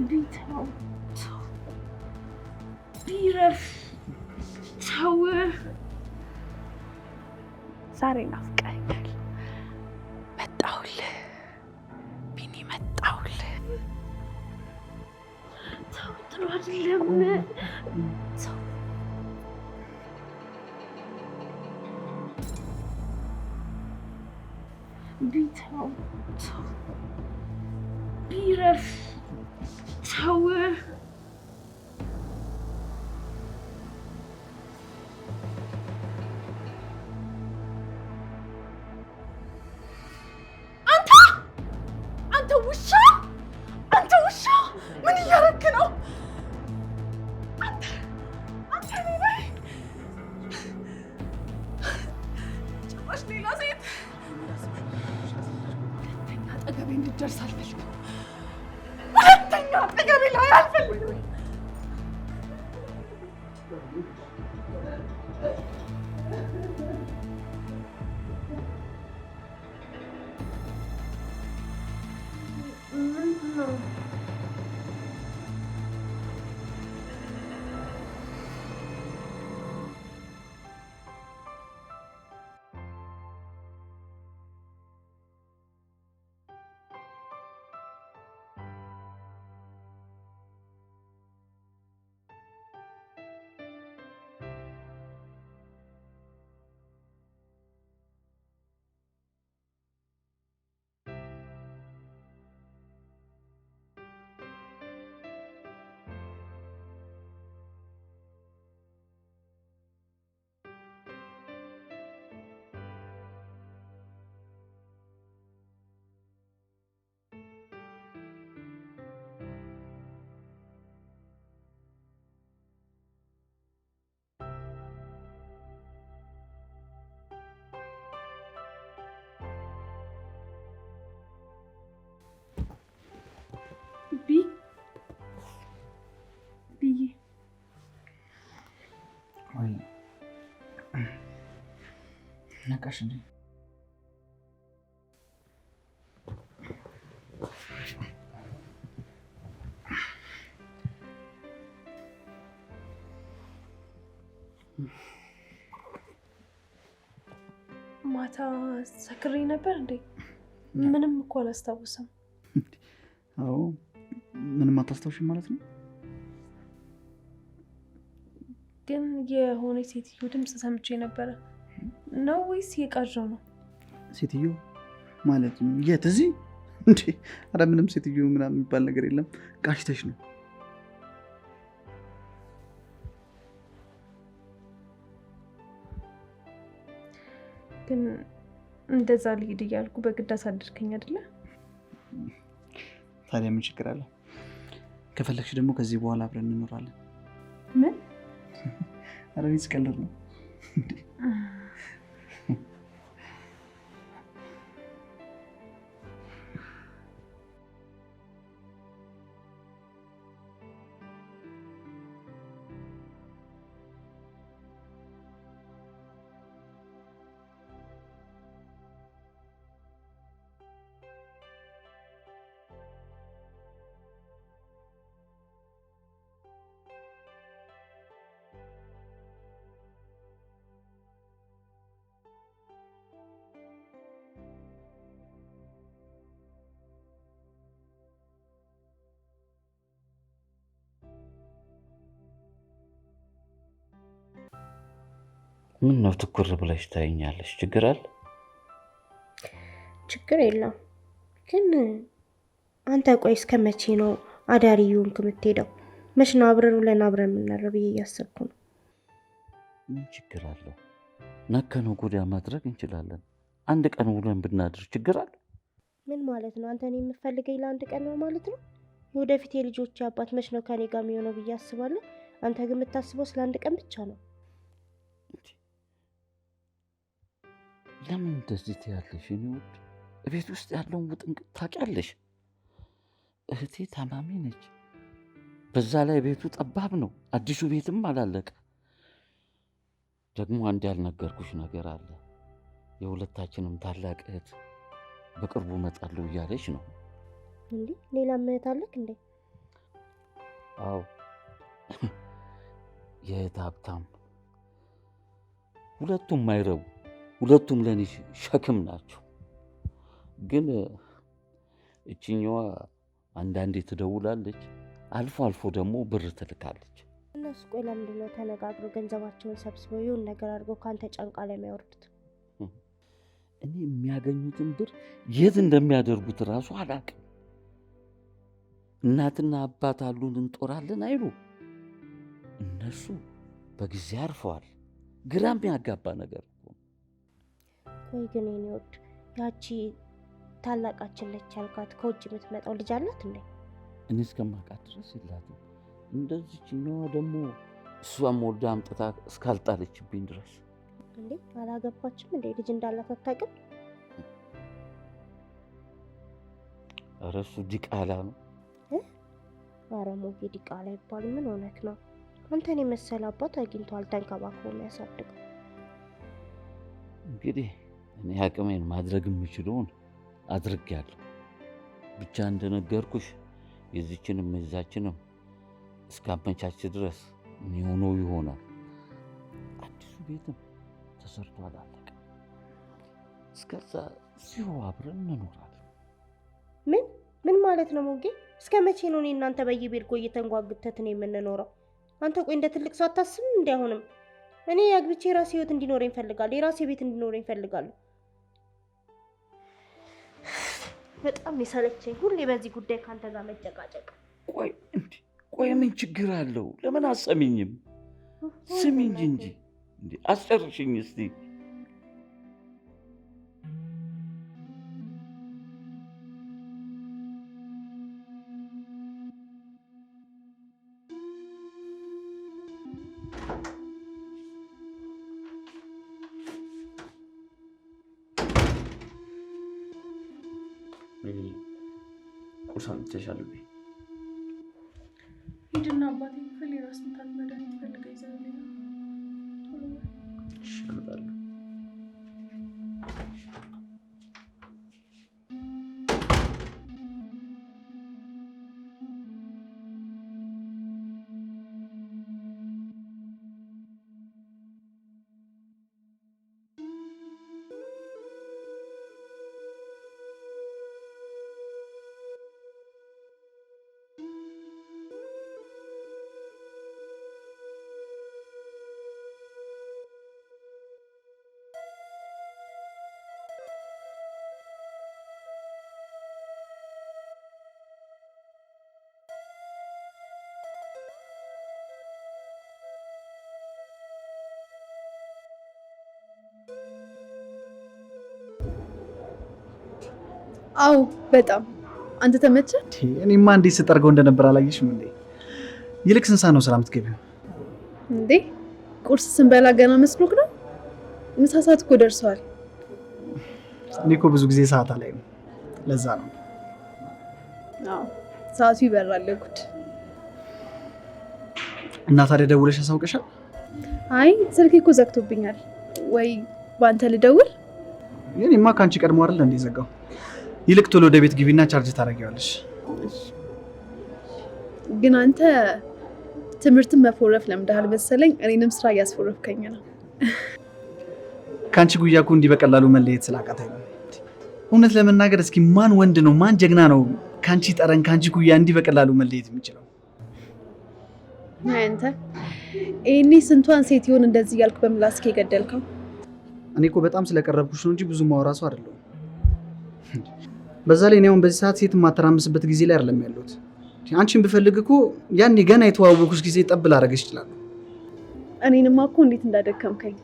እንዴት ነው ይረፍ ዛሬ ናፍቀኸኛል። መጣሁልህ ቢኒ፣ መጣሁልህ። ሰው ጥሩ አይደለም። ሰው እንዴት so Oh. ነቃሽ እንዴ? ማታ ሰክሬ ነበር እንዴ? ምንም እኮ አላስታውስም። አዎ ምንም አታስታውሽም ማለት ነው። ግን የሆነ ሴትዮ ድምፅ ሰምቼ ነበረ። ነው ወይስ የቃዣው ነው? ሴትዮ ማለት የት? እዚህ እንዴ! ኧረ ምንም ሴትዮ ምናምን የሚባል ነገር የለም። ቃሽተሽ ነው ግን እንደዛ ልሂድ እያልኩ በግድ አሳድርከኝ አይደለ? ታዲያ ምን ችግር አለ? ከፈለግሽ ደግሞ ከዚህ በኋላ አብረን እንኖራለን። ምን? ኧረ እኔ ነው። ምን ነው ትኩር ብለሽ ታይኛለሽ? ችግር አለ? ችግር የለም ግን አንተ ቆይ እስከ መቼ ነው አዳሪ ይሁንክ የምትሄደው? መች ነው አብረን ውለን አብረን የምናድረው ብዬ እያሰብኩ ነው። ምን ችግር አለው? ነከነው ጎዳ ማድረግ እንችላለን። አንድ ቀን ውለን ብናድር ችግር አለ? ምን ማለት ነው? አንተ እኔ የምፈልገኝ ለአንድ ቀን ነው ማለት ነው? ወደፊት የልጆች አባት መች ነው ከኔ ጋር የሚሆነው ብዬ አስባለሁ። አንተ ግን የምታስበው ስለ አንድ ቀን ብቻ ነው። ለምን እንደዚህ ትያለሽ? እኔ ውድ ቤት ውስጥ ያለውን ውጥንቅጥ ታውቂያለሽ። እህቴ ታማሚ ነች። በዛ ላይ ቤቱ ጠባብ ነው። አዲሱ ቤትም አላለቀ። ደግሞ አንድ ያልነገርኩሽ ነገር አለ። የሁለታችንም ታላቅ እህት በቅርቡ እመጣለሁ እያለች ነው። እንዲህ ሌላ እህት አለክ እንዴ? አዎ፣ የእህት ሀብታም ሁለቱም አይረቡ ሁለቱም ለእኔ ሸክም ናቸው። ግን እችኛዋ አንዳንዴ ትደውላለች፣ አልፎ አልፎ ደግሞ ብር ትልካለች። እነሱ ቆይ ለምንድን ነው ተነጋግሮ ገንዘባቸውን ሰብስበው ይሁን ነገር አድርገው ከአንተ ጫንቃ ላይ የሚያወርዱት? እኔ የሚያገኙትን ብር የት እንደሚያደርጉት እራሱ አላቅም። እናትና አባት አሉን እንጦራለን አይሉ እነሱ በጊዜ አርፈዋል። ግራም ያጋባ ነገር ወይ ግን የኔ ወድ ያቺ ታላቃችን ነች ያልኳት ከውጭ የምትመጣው ልጅ አላት እንዴ? እኔ እስከማውቃት ድረስ የላትም። እንደዚች ነው ደግሞ እሷም ወልዳ አምጥታ እስካልጣለችብኝ ድረስ እንዴ። አላገባችም እንዴ? ልጅ እንዳላት አታውቅም? ኧረ እሱ ዲቃላ ነው። ኧረ ሞጌ ዲቃላ ይባል ምን እውነት ነው። አንተን የመሰለ አባት አግኝቶ አልተንከባክቦ የሚያሳድገው እንግዲህ እኔ አቅሜን ማድረግ የምችለውን አድርጌያለሁ። ብቻ እንደነገርኩሽ የዚችንም የዛችንም እስካመቻች ድረስ የሚሆነው ይሆናል። አዲሱ ቤትም ተሰርቶ አላለቀ። እስከዛ እዚሁ አብረን እንኖራለን። ምን ምን ማለት ነው ሞጌ? እስከ መቼ ነው እኔ እናንተ በየቤት ቆይተን ጓጉተትን የምንኖረው? አንተ ቆይ እንደ ትልቅ ሰው አታስብም? እንዲያሁንም እኔ አግብቼ የራሴ ህይወት እንዲኖረኝ እፈልጋለሁ። የራሴ ቤት እንዲኖረኝ እፈልጋለሁ። በጣም የሰለቸኝ ሁሌ በዚህ ጉዳይ ከአንተ ጋር መጨቃጨቅ። ቆይ እንዲ ቆይ ምን ችግር አለው? ለምን አሰሚኝም? ስሚኝ እንጂ እንዲ አስጨርሽኝ እስቲ። Thank you. ಕುಸಂಚೆ ಸಲ್ವಿ ಇದನ್ನ ಬದಿಕಲಿ ರಸ್ಮತನ್ አዎ በጣም አንተ ተመቸ። እኔማ እንዴት ስጠርገው እንደነበር አላየሽም እንዴ? ይልቅ ስንት ሰዓት ነው ስራ የምትገቢው? እንዴ ቁርስ ስንበላ ገና መስሎክ ነው? ምሳ ሰዓት እኮ ደርሰዋል። እኔ እኮ ብዙ ጊዜ ሰዓት አላይም፣ ለዛ ነው። ሰዓቱ ይበራል። ጉድ እና ታዲያ ደውለሽ ያሳውቀሻል? አይ ስልክ እኮ ዘግቶብኛል። ወይ በአንተ ልደውል? እኔማ ከአንቺ ቀድሞ አይደል እንዴ ዘጋው ይልቅ ቶሎ ወደ ቤት ግቢና ቻርጅ ታደርጊዋለሽ። ግን አንተ ትምህርትን መፎረፍ ለምደሃል መሰለኝ። እኔንም ስራ እያስፎረፍከኝ ነው። ከአንቺ ጉያ እኮ እንዲህ በቀላሉ መለየት ስላቃተኝ እውነት ለመናገር እስኪ ማን ወንድ ነው ማን ጀግና ነው ከአንቺ ጠረን ከአንቺ ጉያ እንዲህ በቀላሉ መለየት የሚችለው? አንተ ይህኔ ስንቷን ሴት ይሆን እንደዚህ እያልኩ በምላስክ የገደልከው? እኔ እኮ በጣም ስለቀረብኩሽ ነው እንጂ ብዙ ማውራ ሰው በዛ ላይ እኔ በዚህ ሰዓት ሴት የማተራምስበት ጊዜ ላይ አይደለም ያለሁት። አንቺን ብፈልግ እኮ ያኔ ገና የተዋወኩሽ ጊዜ ጠብ ላደርግሽ ይችላል። እኔንማ እኮ እንዴት እንዳደከምከኝ።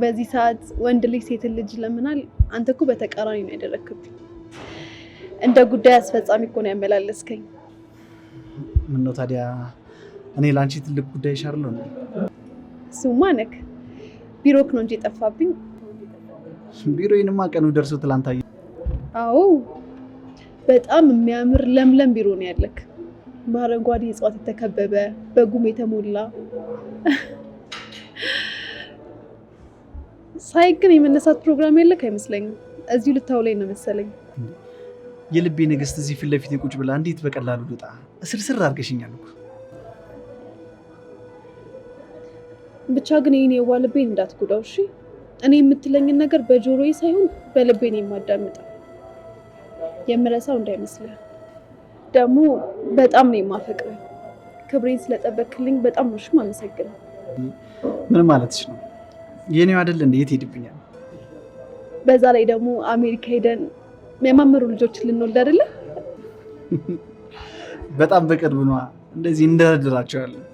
በዚህ ሰዓት ወንድ ልጅ ሴትን ልጅ ለምናል። አንተ እኮ በተቃራኒ ነው ያደረክብኝ። እንደ ጉዳይ አስፈጻሚ እኮ ነው ያመላለስከኝ። ምነው ታዲያ እኔ ለአንቺ ትልቅ ጉዳይ ሻርለው ነው? እሱማ ነክ ቢሮክ ነው እንጂ የጠፋብኝ። ቢሮዬንማ ቀኑ ደርሶ ትላንት አዎ በጣም የሚያምር ለምለም ቢሮ ነው ያለክ። በአረንጓዴ እጽዋት የተከበበ በጉም የተሞላ ሳይ ግን የመነሳት ፕሮግራም ያለክ አይመስለኝም። እዚሁ ልታው ላይ ነው መሰለኝ። የልቤ ንግስት እዚህ ፊት ለፊት ቁጭ ብላ እንዴት በቀላሉ ልውጣ? ስርስር አድርገሽኛል ብቻ ግን ይህን የዋ ልቤን እንዳትጎዳው እሺ። እኔ የምትለኝን ነገር በጆሮዬ ሳይሆን በልቤን የማዳምጠው የምረሳው እንዳይመስልህ። ደግሞ በጣም ነው የማፈቅረው። ክብሬን ስለጠበክልኝ በጣም ነው ሽም አመሰግነው። ምን ማለትሽ ነው? የኔው አይደል እንዴ? የት ሄድብኛል? በዛ ላይ ደግሞ አሜሪካ ሄደን የሚያማምሩ ልጆችን ልንወልድ አይደለ? በጣም በቅርብ ነዋ። እንደዚህ እንደረድራቸዋለን።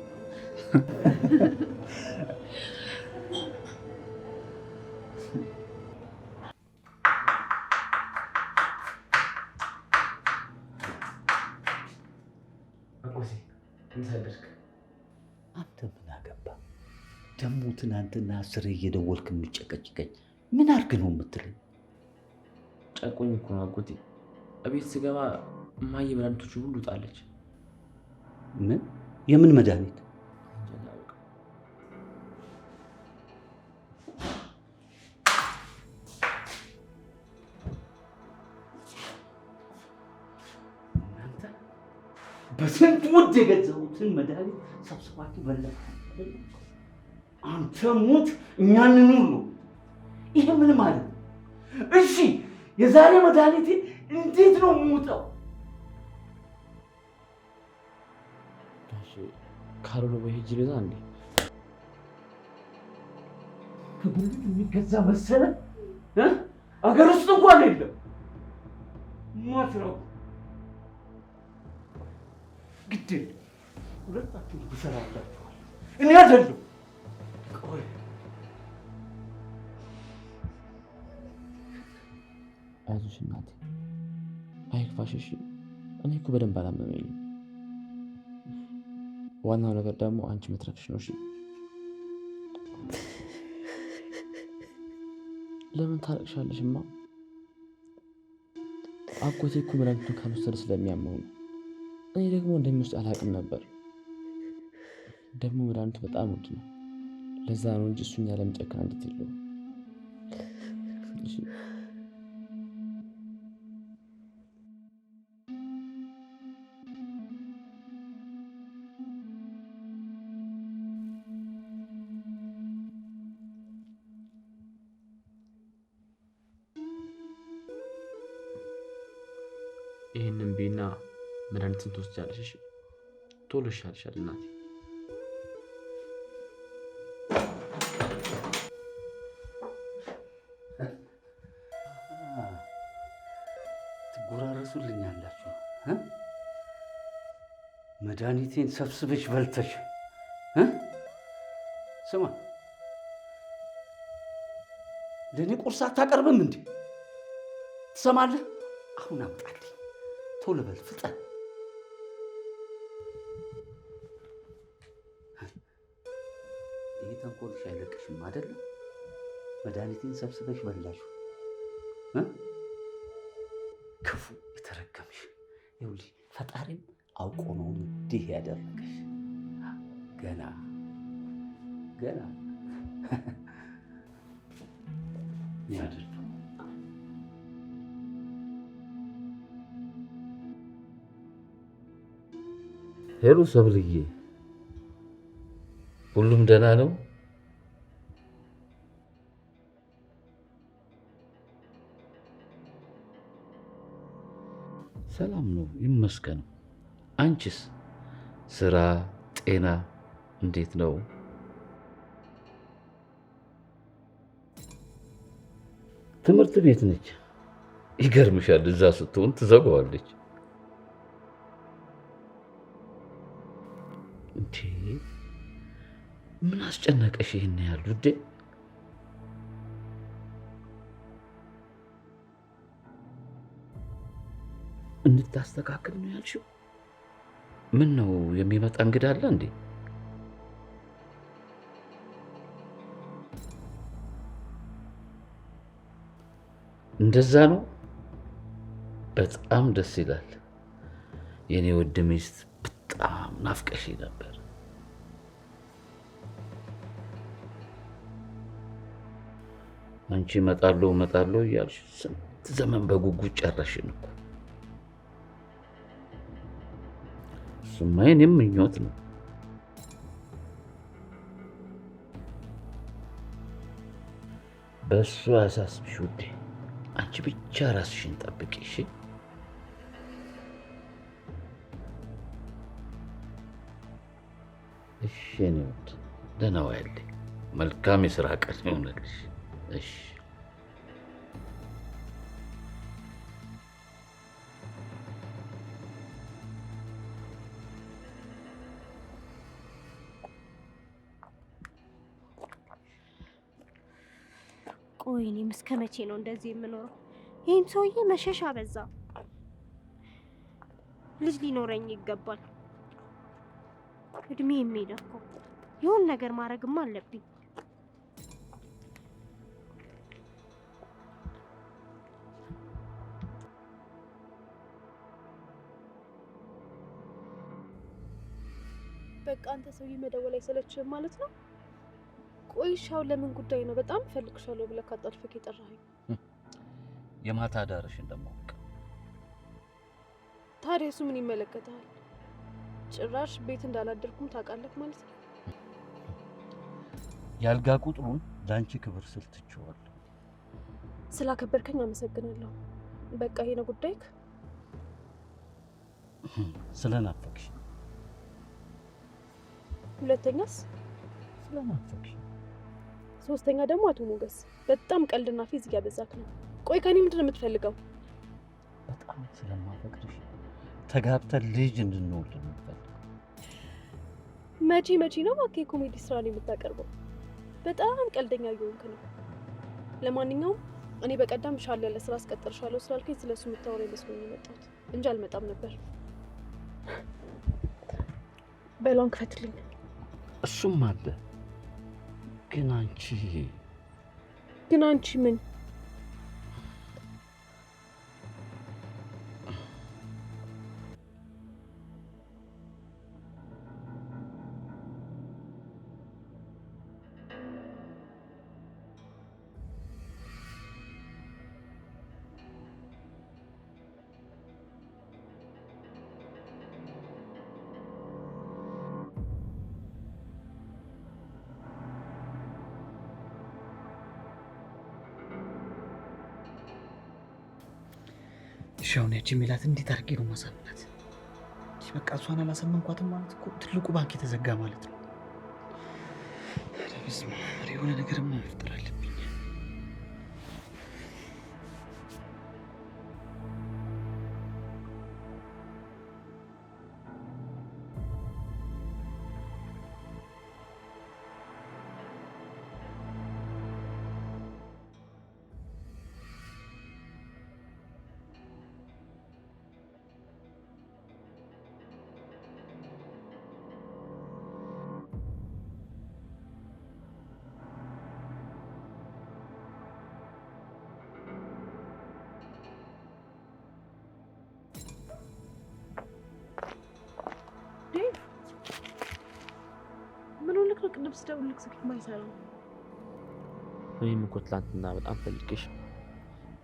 ትናንትና ስሬ እየደወልክ የምጨቀጭቀኝ ምን አድርግ ነው የምትለኝ? ጨቆኝ እኮ ነው አጎቴ። እቤት ስገባ እማዬ መድኃኒቶቹን ሁሉ ጣለች። ምን? የምን መድኃኒት? በስንት ውድ የገዛሁትን መድኃኒት ሰብስባችሁ በላ አንተ ሙት እኛ እንኑር ይሄ ምን ማለት ነው? እሺ የዛሬ መድኃኒቴ እንዴት ነው የምውጠው? ካሮሎ በሄጅ ልዛ እንዴ ከጉልት የሚገዛ መሰለ አገር ውስጥ እንኳን የለም። ማትረው ግድል ሁለታችሁ ትሰራላችኋል፣ እኔ አይደለሁ አይዞሽ እናቴ፣ አይክፋሽ እኔ እኮ በደንብ አላመመኝ ዋናው ነገር ደግሞ አንቺ መትረፍሽ ነው እሺ። ለምን ማ አጎቴ እኮ መድኃኒቱን ካልወሰደ ስለሚያመው ነው። እኔ ደግሞ እንደሚወስድ አላቅም ነበር። ደግሞ መድኃኒቱ በጣም ውድ ነው። ለዛ ነው እንጂ እሱኛ ለምጨክና እንዴት የለው መድኃኒትን ትወስጃለሽ። ቶሎ ይሻልሻል እናቴ። ትጎራረሱልኛላችሁ። መድኃኒቴን ሰብስበሽ በልተሽ ስማ፣ ለእኔ ቁርስ አታቀርብም እንዴ? ትሰማለህ? አሁን አምጣልኝ፣ ቶሎ በል ፍጠን። ተንኮልሽ አይለቅሽም አይደለም? መድኃኒቴን ሰብስበሽ በላሹ። ክፉ የተረገምሽ ይኸውልሽ፣ ፈጣሪም አውቆ ነው እንዲህ ያደረገሽ። ገና ገና ሄሎ ሰብልዬ፣ ሁሉም ደህና ነው? ሰላም ነው ይመስገን። አንቺስ? ስራ፣ ጤና እንዴት ነው? ትምህርት ቤት ነች። ይገርምሻል፣ እዛ ስትሆን ትዘጋዋለች። እንዴ ምን አስጨነቀሽ? ይህን ያሉ ልታስተካክል ነው ያልሽው? ምን ነው የሚመጣ እንግዳ አለ እንዴ? እንደዛ ነው። በጣም ደስ ይላል። የእኔ ውድ ሚስት፣ በጣም ናፍቀሽ ነበር። አንቺ እመጣለሁ እመጣለሁ እያልሽ ስንት ዘመን በጉጉት ጨረሽን እኮ። እሱማ የእኔም ምኞት ነው። በእሱ አያሳስብሽ ውዴ፣ አንቺ ብቻ ራስሽን ጠብቂ እሺ። እሺ፣ ደህና ዋይልኝ። መልካም የስራ ቀን ይሆንልሽ። እሺ ቆይ እኔም እስከ መቼ ነው እንደዚህ የምኖረው? ይህም ሰውዬ መሸሻ በዛ። ልጅ ሊኖረኝ ይገባል። እድሜ የሚሄድ እኮ የሆን ነገር ማድረግም አለብኝ። በቃ አንተ ሰውዬ መደወል አይሰለችም ማለት ነው። ቆይሻው ለምን ጉዳይ ነው? በጣም እፈልግሻለሁ ብለህ ካጣልፈክ የጠራኸኝ የማታ ዳርሽ እንደማወቅ። ታዲያ እሱ ምን ይመለከታል? ጭራሽ ቤት እንዳላደርኩም ታውቃለህ ማለት ነው። ያልጋ ቁጥሩን ለአንቺ ክብር ስል ትችዋለሁ። ስላከበርከኝ አመሰግናለሁ። በቃ ይሄ ነው ጉዳይክ። ስለናፈቅሽ ሁለተኛስ ስለናፈቅሽ ሶስተኛ ደግሞ አቶ ሞገስ በጣም ቀልድና ፌዝ እያበዛክ ነው። ቆይ ከኔ ምንድን ነው የምትፈልገው? በጣም ስለማፈቅርሽ ተጋብተን ልጅ እንድንወልድ ነው የምፈልገው። መቼ መቼ ነው እባክህ የኮሜዲ ስራ ነው የምታቀርበው? በጣም ቀልደኛ እየሆንክ ነው። ለማንኛውም እኔ በቀደም ሻል ያለ ስራ አስቀጥርሻለሁ ስላልከኝ ስለሱ የምታወራ ይመስሎኝ የመጣሁት እንጂ አልመጣም ነበር። በሎን ክፈትልኝ። እሱም አለ ግን አንቺ ግን አንቺ ምን አሁን ያቺ ሜላት እንዴት አድርጌ ነው ማሳምናት? በቃ እሷን አላሳመንኳትም ማለት እኮ ትልቁ ባንክ የተዘጋ ማለት ነው። ስማ የሆነ ነገርማ መፍጠር አለብኝ። ልብስ ደውልቅ ስልክ ማይሰራ። እኔም እኮ ትላንትና በጣም ፈልግሽ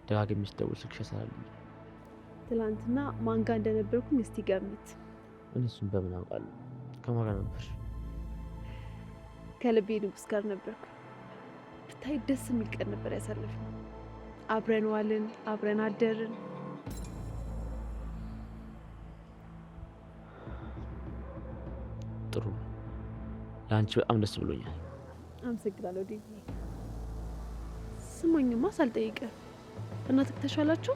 ደጋግሜ ስደውል ስልክሽ አይሰራልኝ። ትላንትና ማን ጋር እንደነበርኩኝ እስቲ ገምት። እሱን በምን አውቃለሁ? ከማን ጋር ነበር? ከልቤ ንጉስ ጋር ነበርኩ። ብታይ ደስ የሚል ቀን ነበር ያሳለፍነው። አብረን ዋልን፣ አብረን አደርን። ጥሩ ለአንቺ በጣም ደስ ብሎኛል። አመሰግናለሁ ዲ ስሞኝማ ሳልጠይቅህ እናትህ ተሻላችሁ?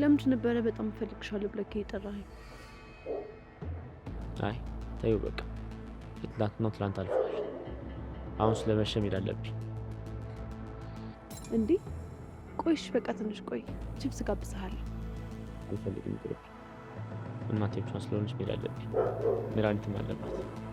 ለምንድ ነበረ በጣም እፈልግሻለሁ ብለህ የጠራኸኝ? አይ ተዩ በቃ ትላንትና ትላንት አልፏል። አሁን ስለመሸ መሄድ አለብኝ። እንዲህ ቆይሽ፣ በቃ ትንሽ ቆይ፣ ችፕስ ጋብዝሃለሁ። አልፈልግም። ቅርብ እናቴ ብቻዋን ስለሆነች መሄድ አለብኝ። ሜራኒትም አለባት